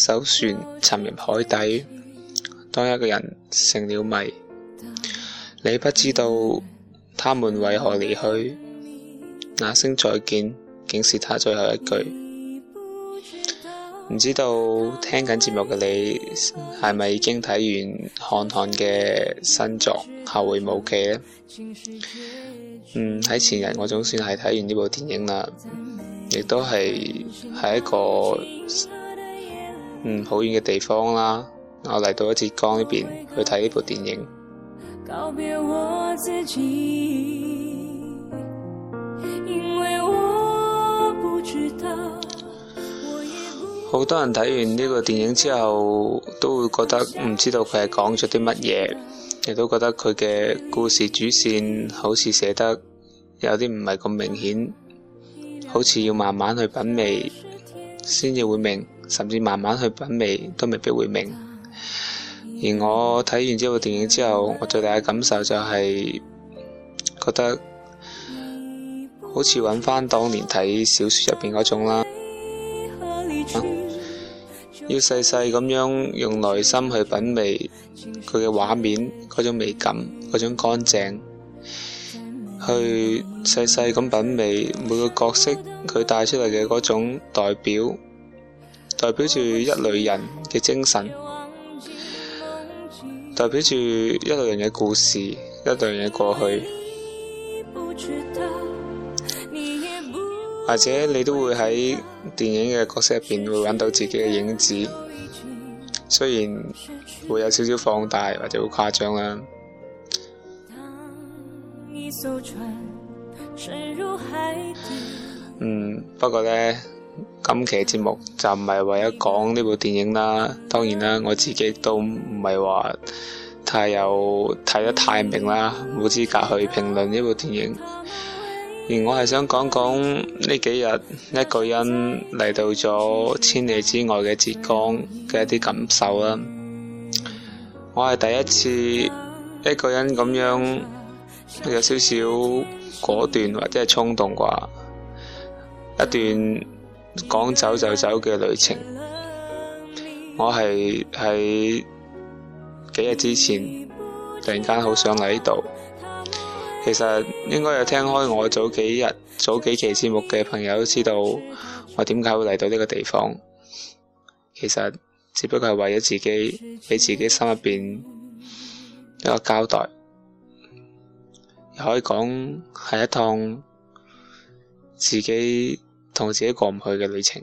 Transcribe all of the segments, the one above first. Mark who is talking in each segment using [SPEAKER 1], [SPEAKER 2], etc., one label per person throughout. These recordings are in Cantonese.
[SPEAKER 1] 艘船沉入海底，當一個人成了謎，你不知道他們為何離去，那聲再見竟是他最後一句。唔知道聽緊節目嘅你係咪已經睇完韓寒嘅新作《後會無期》
[SPEAKER 2] 咧？
[SPEAKER 1] 嗯，喺前日我總算係睇完呢部電影啦，亦都係係一個。嗯，好遠嘅地方啦，我嚟到咗浙江呢邊去睇呢部電
[SPEAKER 2] 影。
[SPEAKER 1] 好 多人睇完呢個電影之後，都會覺得唔知道佢係講咗啲乜嘢，亦都覺得佢嘅故事主線好似寫得有啲唔係咁明顯，好似要慢慢去品味先至會明。甚至慢慢去品味，都未必會明。而我睇完這部電影之後，我最大嘅感受就係、是、覺得好似揾翻當年睇小說入邊嗰種啦。要細細咁樣用內心去品味佢嘅畫面嗰種美感，嗰種乾淨，去細細咁品味每個角色佢帶出嚟嘅嗰種代表。代表住一類人嘅精神，代表住一類人嘅故事，一類人嘅過去，
[SPEAKER 2] 或
[SPEAKER 1] 者你都會喺電影嘅角色入邊會揾到自己嘅影子，雖然會有少少放大或者好誇張啦。
[SPEAKER 2] 嗯，
[SPEAKER 1] 不過咧。今期嘅節目就唔係為咗講呢部電影啦，當然啦，我自己都唔係話太有睇得太、太明啦，冇資格去評論呢部電影。而我係想講講呢幾日一個人嚟到咗千里之外嘅浙江嘅一啲感受啦。我係第一次一個人咁樣，有少少果斷或者係衝動啩一段。講走就走嘅旅程，我係喺幾日之前突然間好想嚟呢度。其實應該有聽開我早幾日早幾期節目嘅朋友都知道我點解會嚟到呢個地方。其實只不過係為咗自己俾自己心入邊一個交代，又可以講係一趟自己。同自己過唔去嘅旅程。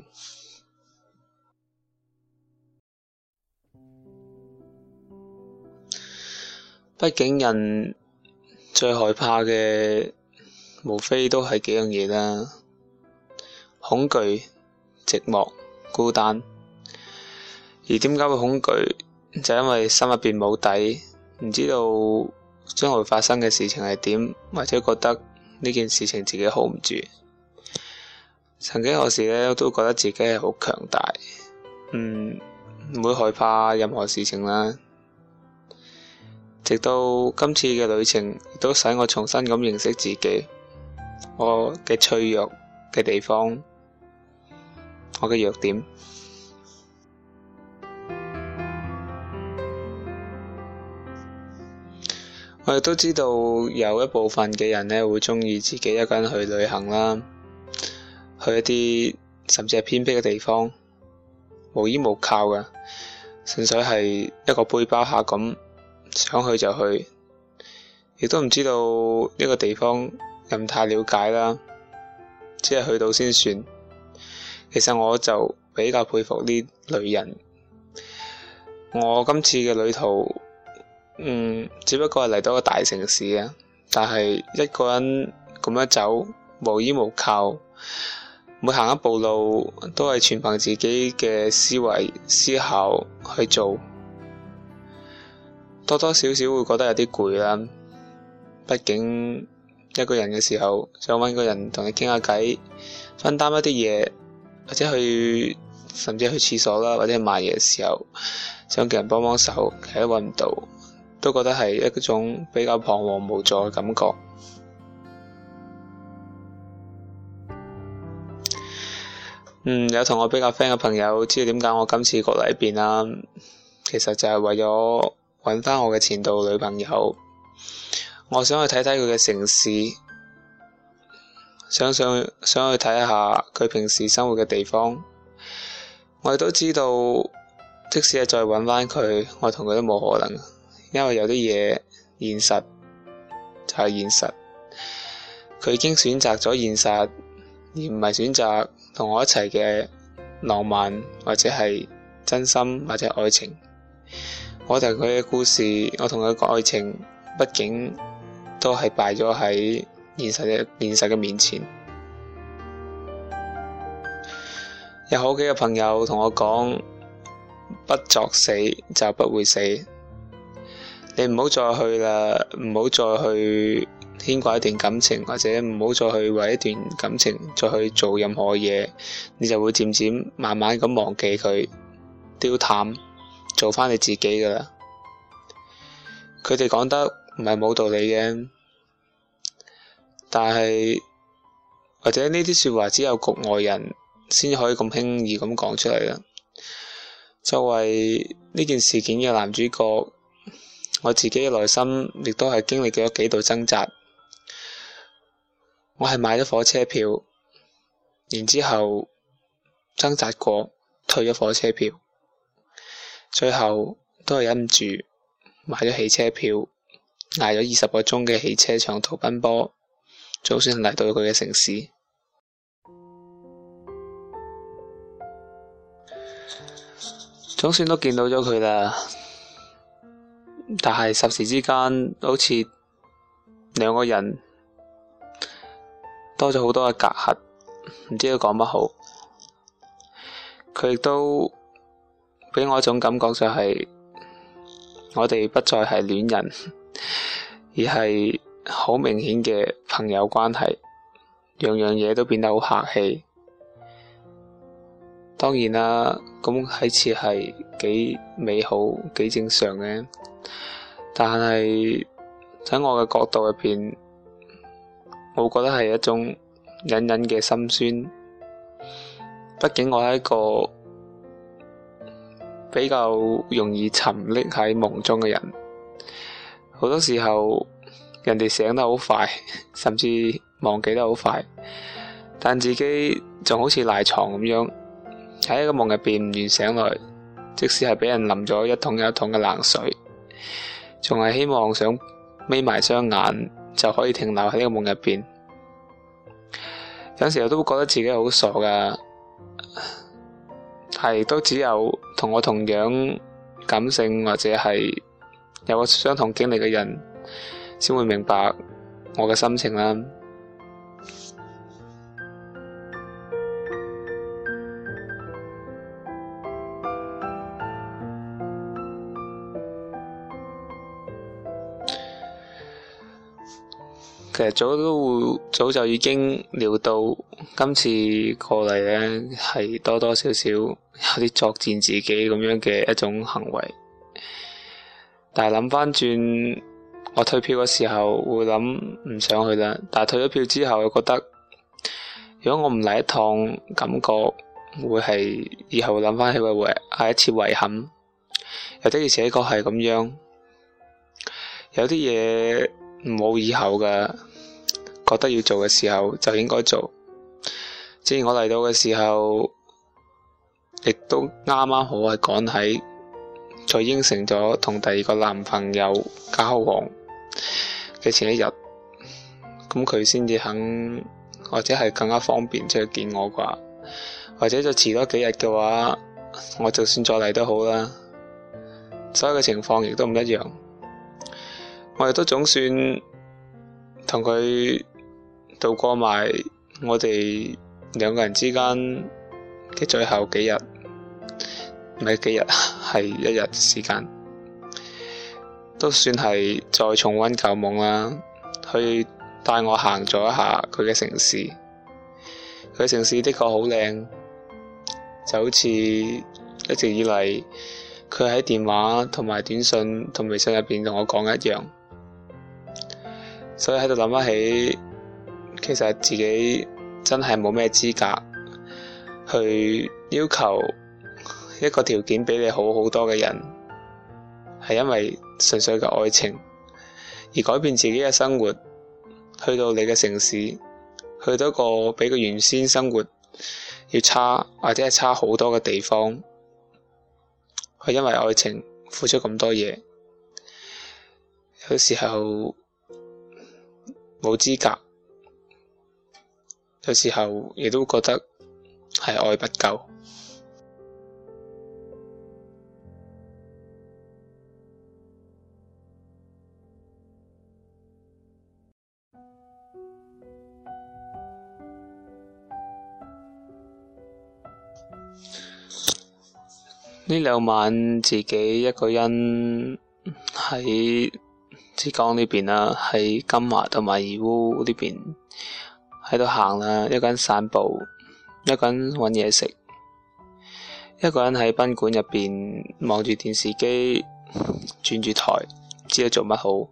[SPEAKER 1] 畢竟人最害怕嘅，無非都係幾樣嘢啦，恐懼、寂寞、孤單。而點解會恐懼？就因為心入邊冇底，唔知道將來發生嘅事情係點，或者覺得呢件事情自己 hold 唔住。曾幾何時咧，都覺得自己係好強大，唔、嗯、唔會害怕任何事情啦。直到今次嘅旅程，亦都使我重新咁認識自己，我嘅脆弱嘅地方，我嘅弱點。我亦都知道有一部分嘅人咧會鍾意自己一個人去旅行啦。去一啲甚至係偏僻嘅地方，無依無靠嘅，純粹係一個背包客咁，想去就去，亦都唔知道呢個地方又唔太了解啦，只係去到先算。其實我就比較佩服呢類人。我今次嘅旅途，嗯，只不過係嚟到個大城市啊，但係一個人咁樣走，無依無靠。每行一步路都係全憑自己嘅思維思考去做，多多少少會覺得有啲攰啦。畢竟一個人嘅時候，想搵個人同你傾下偈，分擔一啲嘢，或者去甚至去廁所啦，或者買嘢嘅時候，想叫人幫幫手，其實都搵唔到，都覺得係一種比較彷徨無助嘅感覺。嗯，有同我比較 friend 嘅朋友，知道點解我今次過嚟邊啦？其實就係為咗搵翻我嘅前度女朋友，我想去睇睇佢嘅城市，想想想去睇下佢平時生活嘅地方。我亦都知道，即使係再搵翻佢，我同佢都冇可能，因為有啲嘢現實就係現實，佢已經選擇咗現實，而唔係選擇。同我一齊嘅浪漫，或者係真心，或者係愛情，我同佢嘅故事，我同佢嘅愛情，畢竟都係敗咗喺現實嘅現實嘅面前。有好幾個朋友同我講，不作死就不會死，你唔好再去啦，唔好再去。牽掛一段感情，或者唔好再去為一段感情再去做任何嘢，你就會漸漸慢慢咁忘記佢，丟淡，做返你自己㗎喇。佢哋講得唔係冇道理嘅，但係或者呢啲説話只有局外人先可以咁輕易咁講出嚟啦。作為呢件事件嘅男主角，我自己嘅內心亦都係經歷咗幾度掙扎。我係買咗火車票，然之後掙扎過退咗火車票，最後都係忍唔住買咗汽車票，挨咗二十個鐘嘅汽車長途奔波，總算嚟到佢嘅城市，總算都見到咗佢啦。但係霎時之間，好似兩個人。多咗好多嘅隔閡，唔知佢講乜好。佢亦都俾我一種感覺，就係我哋不再係戀人，而係好明顯嘅朋友關係，樣樣嘢都變得好客氣。當然啦，咁睇似係幾美好，幾正常嘅，但係喺我嘅角度入邊。我覺得係一種隱隱嘅心酸，畢竟我係一個比較容易沉溺喺夢中嘅人。好多時候人哋醒得好快，甚至忘記得好快，但自己仲好似賴床咁樣喺一個夢入邊唔願醒來，即使係俾人淋咗一桶又一桶嘅冷水，仲係希望想眯埋雙眼，就可以停留喺呢個夢入邊，有時候都會覺得自己好傻㗎，係都只有同我同樣感性或者係有個相同經歷嘅人，先會明白我嘅心情啦。其實早都早就已經料到今次過嚟咧，係多多少少有啲作踐自己咁樣嘅一種行為。但係諗翻轉，我退票嘅時候會諗唔想上去啦。但係退咗票之後，我覺得如果我唔嚟一趟，感覺會係以後諗翻起會係一次遺憾。有啲嘅結果係咁樣，有啲嘢。唔好以後嘅，覺得要做嘅時候就應該做。之前我嚟到嘅時候，亦都啱啱好係趕喺，佢應承咗同第二個男朋友交往嘅前一日，咁佢先至肯，或者係更加方便出去見我啩。或者就遲多幾日嘅話，我就算再嚟都好啦。所有嘅情況亦都唔一樣。我哋都總算同佢度過埋我哋兩個人之間嘅最後幾日，唔係幾日，係一日時間，都算係再重溫舊夢啦。佢帶我行咗一下佢嘅城市，佢嘅城市的確好靚，就好似一直以嚟佢喺電話同埋短信同微信入邊同我講一樣。所以喺度諗翻起，其實自己真係冇咩資格去要求一個條件比你好好多嘅人，係因為純粹嘅愛情而改變自己嘅生活，去到你嘅城市，去到個比佢原先生活要差或者係差好多嘅地方，去因為愛情付出咁多嘢，有時候。冇資格，有時候亦都覺得係愛不夠。呢兩 晚自己一個人喺浙江呢邊啦，喺金華同埋義烏呢邊喺度行啦，一個人散步，一個人搵嘢食，一個人喺賓館入邊望住電視機轉住台，唔知得做乜好。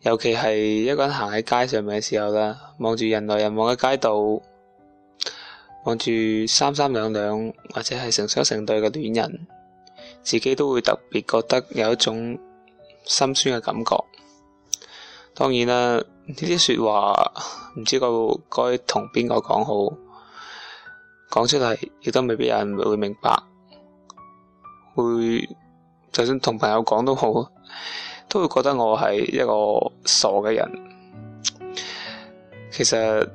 [SPEAKER 1] 尤其係一個人行喺街上面嘅時候啦，望住人來人往嘅街道，望住三三兩兩或者係成雙成對嘅戀人，自己都會特別覺得有一種。心酸嘅感覺，當然啦，呢啲說話唔知該該同邊個講好，講出嚟亦都未必有人會明白。會就算同朋友講都好，都會覺得我係一個傻嘅人。其實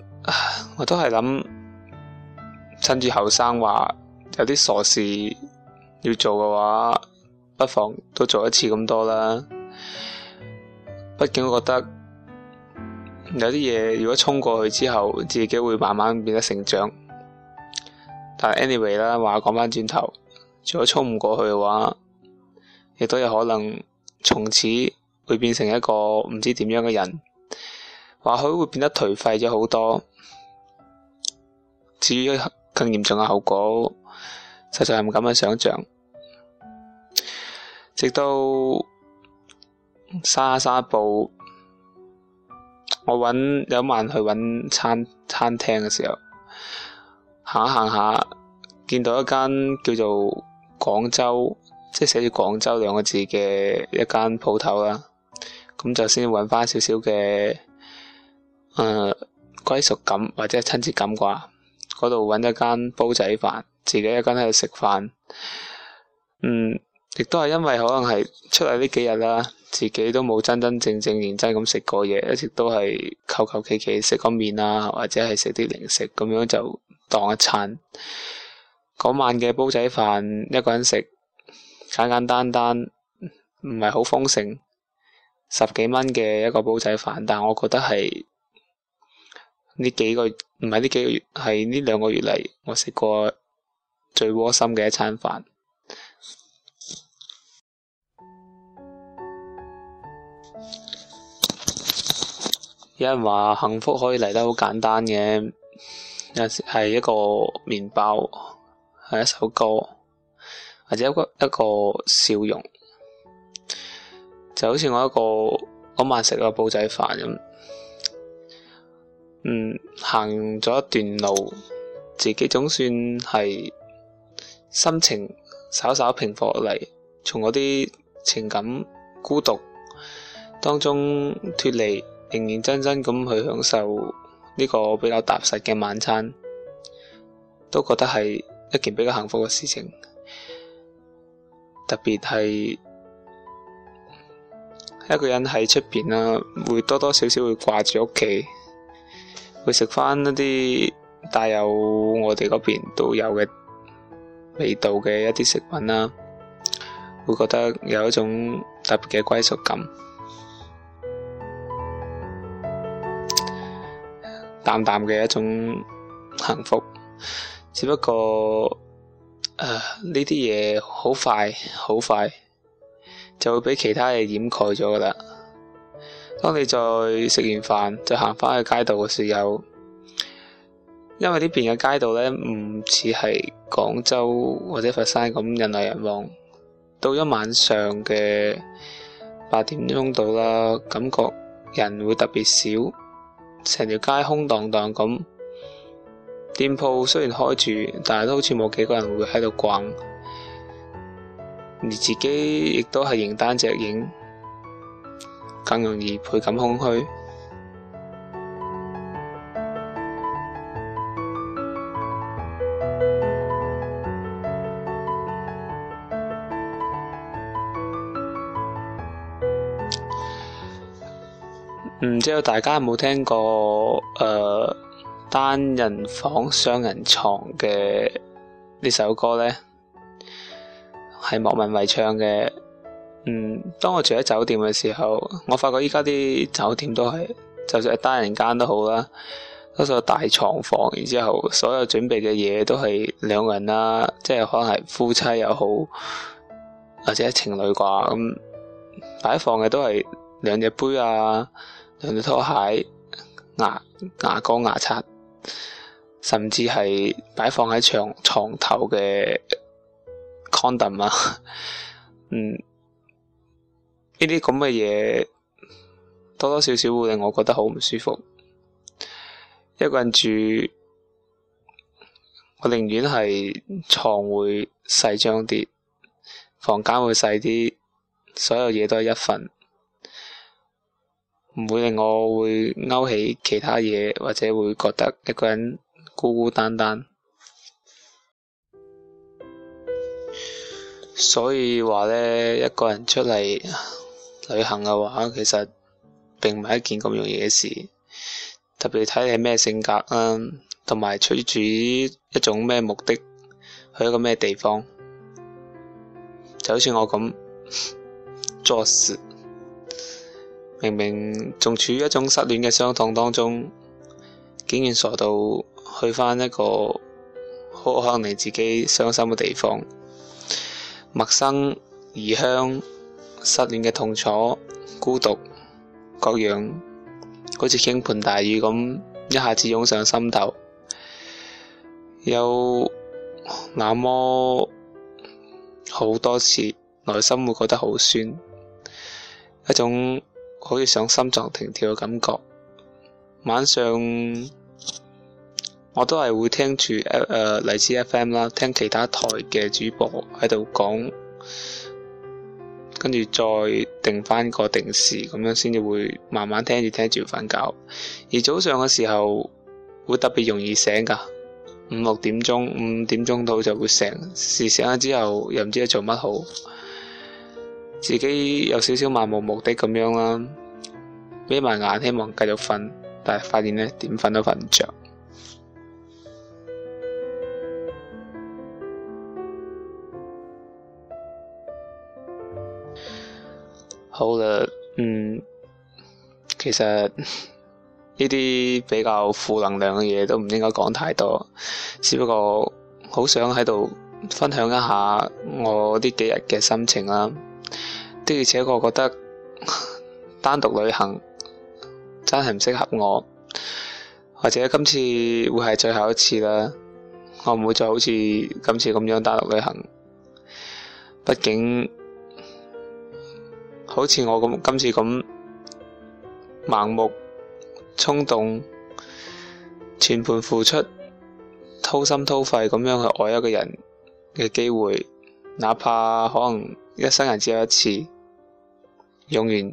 [SPEAKER 1] 我都係諗，趁住後生話，有啲傻事要做嘅話，不妨都做一次咁多啦。畢竟我覺得有啲嘢，如果衝過去之後，自己會慢慢變得成長。但 anyway 啦，話講返轉頭，如果衝唔過去嘅話，亦都有可能從此會變成一個唔知點樣嘅人，或許會變得頹廢咗好多。至於更嚴重嘅後果，實在係唔敢去想象。直到。沙沙布，我揾有一晚去揾餐餐廳嘅時候，行下行下，見到一間叫做廣州，即係寫住廣州兩個字嘅一間鋪頭啦。咁就先揾返少少嘅誒歸屬感或者係親切感啩。嗰度揾一間煲仔飯，自己一間喺度食飯，嗯。亦都係因為可能係出嚟呢幾日啦，自己都冇真真正正認真咁食過嘢，一直都係求求其其食個麵啊，或者係食啲零食咁樣就當一餐。嗰晚嘅煲仔飯一個人食，簡簡單單，唔係好豐盛，十幾蚊嘅一個煲仔飯，但我覺得係呢幾個月唔係呢幾個月，係呢兩個月嚟我食過最窩心嘅一餐飯。有人話幸福可以嚟得好簡單嘅，有時係一個麵包，係一首歌，或者一個一個笑容，就好似我一個嗰晚食個煲仔飯咁。嗯，行咗一段路，自己總算係心情稍稍平伏落嚟，從嗰啲情感孤獨當中脱離。認認真真咁去享受呢個比較踏實嘅晚餐，都覺得係一件比較幸福嘅事情。特別係一個人喺出邊啦，會多多少少會掛住屋企，會食翻一啲帶有我哋嗰邊都有嘅味道嘅一啲食品啦，會覺得有一種特別嘅歸屬感。淡淡嘅一種幸福，只不過誒呢啲嘢好快，好快就會俾其他嘢掩蓋咗㗎喇。當你再食完飯，再行返去街道嘅時候，因為呢邊嘅街道咧，唔似係廣州或者佛山咁人來人往，到咗晚上嘅八點鐘度啦，感覺人會特別少。成條街空蕩蕩咁，店鋪雖然開住，但係都好似冇幾個人會喺度逛，而自己亦都係形單隻影，更容易倍感空虛。唔知道大家有冇聽過誒、呃、單人房雙人床嘅呢首歌呢？係莫文蔚唱嘅。嗯，當我住喺酒店嘅時候，我發覺依家啲酒店都係，就算係單人間都好啦，都算係大床房，然之之後所有準備嘅嘢都係兩人啦，啊，即係可能係夫妻又好，或者情侶啩，咁擺放嘅都係兩隻杯啊。兩對拖鞋、牙牙膏、牙刷，甚至係擺放喺床床頭嘅 condom 啊，嗯，呢啲咁嘅嘢多多少少會令我覺得好唔舒服。一個人住，我寧願係床會細張啲，房間會細啲，所有嘢都係一份。唔會令我會勾起其他嘢，或者會覺得一個人孤孤單單。所以話呢，一個人出嚟旅行嘅話，其實並唔係一件咁容易嘅事，特別睇你係咩性格啦，同埋出於一種咩目的，去一個咩地方，就好似我咁作死。明明仲處於一種失戀嘅傷痛當中，竟然傻到去翻一個好可能令自己傷心嘅地方，陌生異鄉，失戀嘅痛楚、孤獨各樣，好似傾盆大雨咁，一下子湧上心頭，有那麼好多次，內心會覺得好酸，一種。好似想心臟停跳嘅感覺。晚上我都係會聽住誒荔枝 FM 啦，聽其他台嘅主播喺度講，跟住再定返個定時咁樣，先至會慢慢聽住聽住瞓覺。而早上嘅時候會特別容易醒㗎，五六點鐘、五點鐘到就會醒，是醒咗之後又唔知做乜好。自己有少少漫無目的咁樣啦，眯埋眼希望繼續瞓，但係發現咧點瞓都瞓唔着。好啦，嗯，其實呢啲比較負能量嘅嘢都唔應該講太多，只不過好想喺度分享一下我呢幾日嘅心情啦。的而且，我覺得 單獨旅行真係唔適合我，或者今次會係最後一次啦。我唔會再好似今次咁樣單獨旅行。畢竟，好似我咁今次咁盲目、衝動、全盤付出、掏心掏肺咁樣去愛一個人嘅機會，哪怕可能一生人只有一次。用完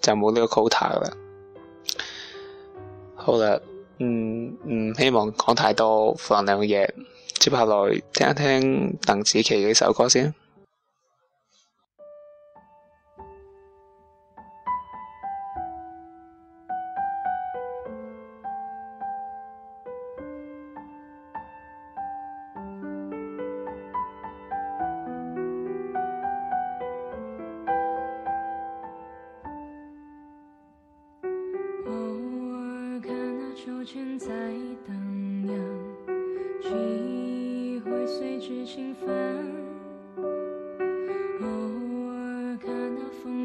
[SPEAKER 1] 就冇呢個 quota 啦。好啦，唔、嗯、唔、嗯、希望講太多負能量嘅嘢，接下來聽一聽鄧紫棋嘅首歌先。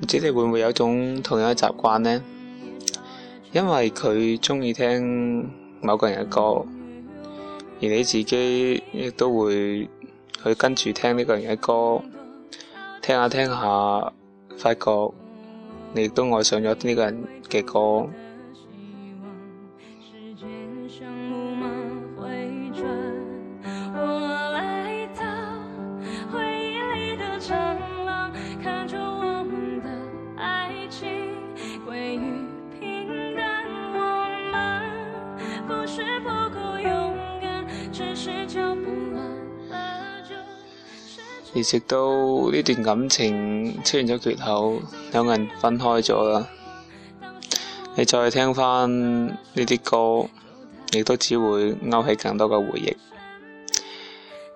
[SPEAKER 1] 唔知你會唔會有種同樣嘅習慣呢？因為佢鍾意聽某個人嘅歌，而你自己亦都會去跟住聽呢個人嘅歌，聽下聽下，發覺你亦都愛上咗呢個人嘅歌。一直到呢段感情出現咗缺口，兩人分開咗啦，你再聽返呢啲歌，亦都只會勾起更多嘅回憶。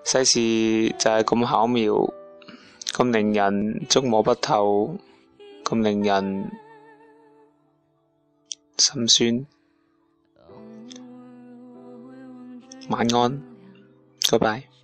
[SPEAKER 1] 世事就係咁巧妙，咁令人捉摸不透，咁令人心酸。晚安，拜拜。